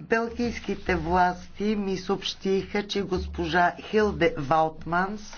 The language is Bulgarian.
Белгийските власти ми съобщиха, че госпожа Хилде Валтманс